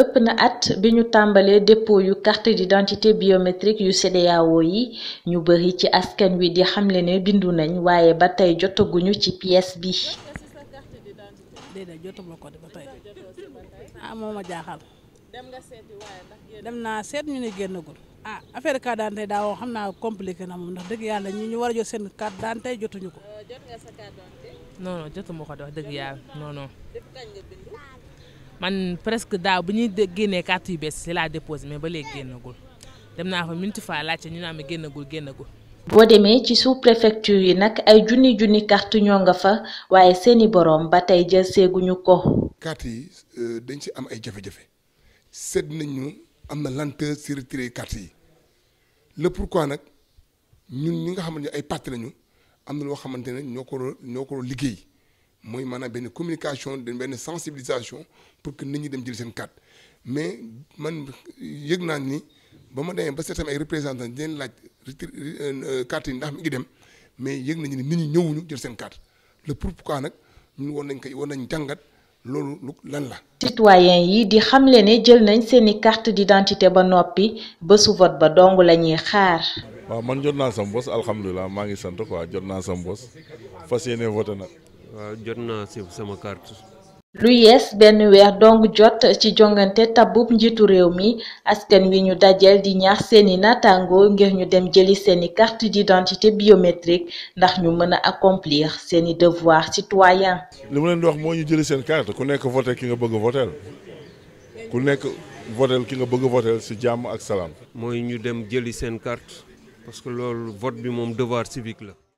ëpp na at bi ñu tàmbalee dépôt yu kart carte d'identité biométrique yu CEDEAO yi ñu bari ci askan wi di xamle ne bindu nañ waaye ba tey jotaguñu ci pièce bi. déedéet jotuma ko ba ah moo ma jaaxal dem naa seet ñu ne génnagul ah affaire carte d'identité daa woo xam naa compliqué na moom ndax dëgg yàlla ñu ñu war a jot seen carte d'identité jotuñu ko. Euh, non dëgg yàlla non man presque daaw bu ñuy génnee carte yu bees si laa déposé mais ba léegi génnagul dem naa fa minti fa laajte ñu naan ma génnagul génnagul. boo demee ci sous préfecture yi nag ay junni junni carte ñoo nga fa waaye seeni boroom ba tey jël ñu ko. carte yi euh, dañ si am ay jafe-jafe seet nañu am na lenteur si retiré yi le pourquoi nag ñun ñu nga xamante ne ay pàtt nañu am na loo xamante ne ñoo ko ñoo ko liggéey. mooy maanaam benn communication benn sensibilisation pour que nit ñi dem jël seen carte mais man yëg naa ni ba ma demee ba seetam ay représentants di leen laaj euh, carte yi ndax mi ngi dem mais yëg nañu ni nit ñi ñëwuñu jël seen carte le pourquoi nag ñun war nañ koy war nañ jàngat loolu lu lan la. citoyen yi di xamle ne jël nañ seeni carte d'identité ba noppi bésu vote ba dong la ñuy xaar. waaw man jot naa sam bos alhamdulilah maa ngi sant quoi jot naa sam bos fas yéene voté waaw jot naa si sama carte. lu yees benn weer dong jot ci jongante tabub njiitu réew mi askan wi ñu dajeel di ñaax seeni naataango ngir ñu dem jëli seeni carte d'identité biométrique ndax ñu mën a accomplir seeni devoir citoyen li mu leen di wax moo ñu jëli seen carte ku nekk voté ki nga bëgg votel ku nekk votel ki nga bëgg votel si jàmm ak salaam. mooy ñu dem jëli seen carte parce que loolu vote bi moom devoir civique la.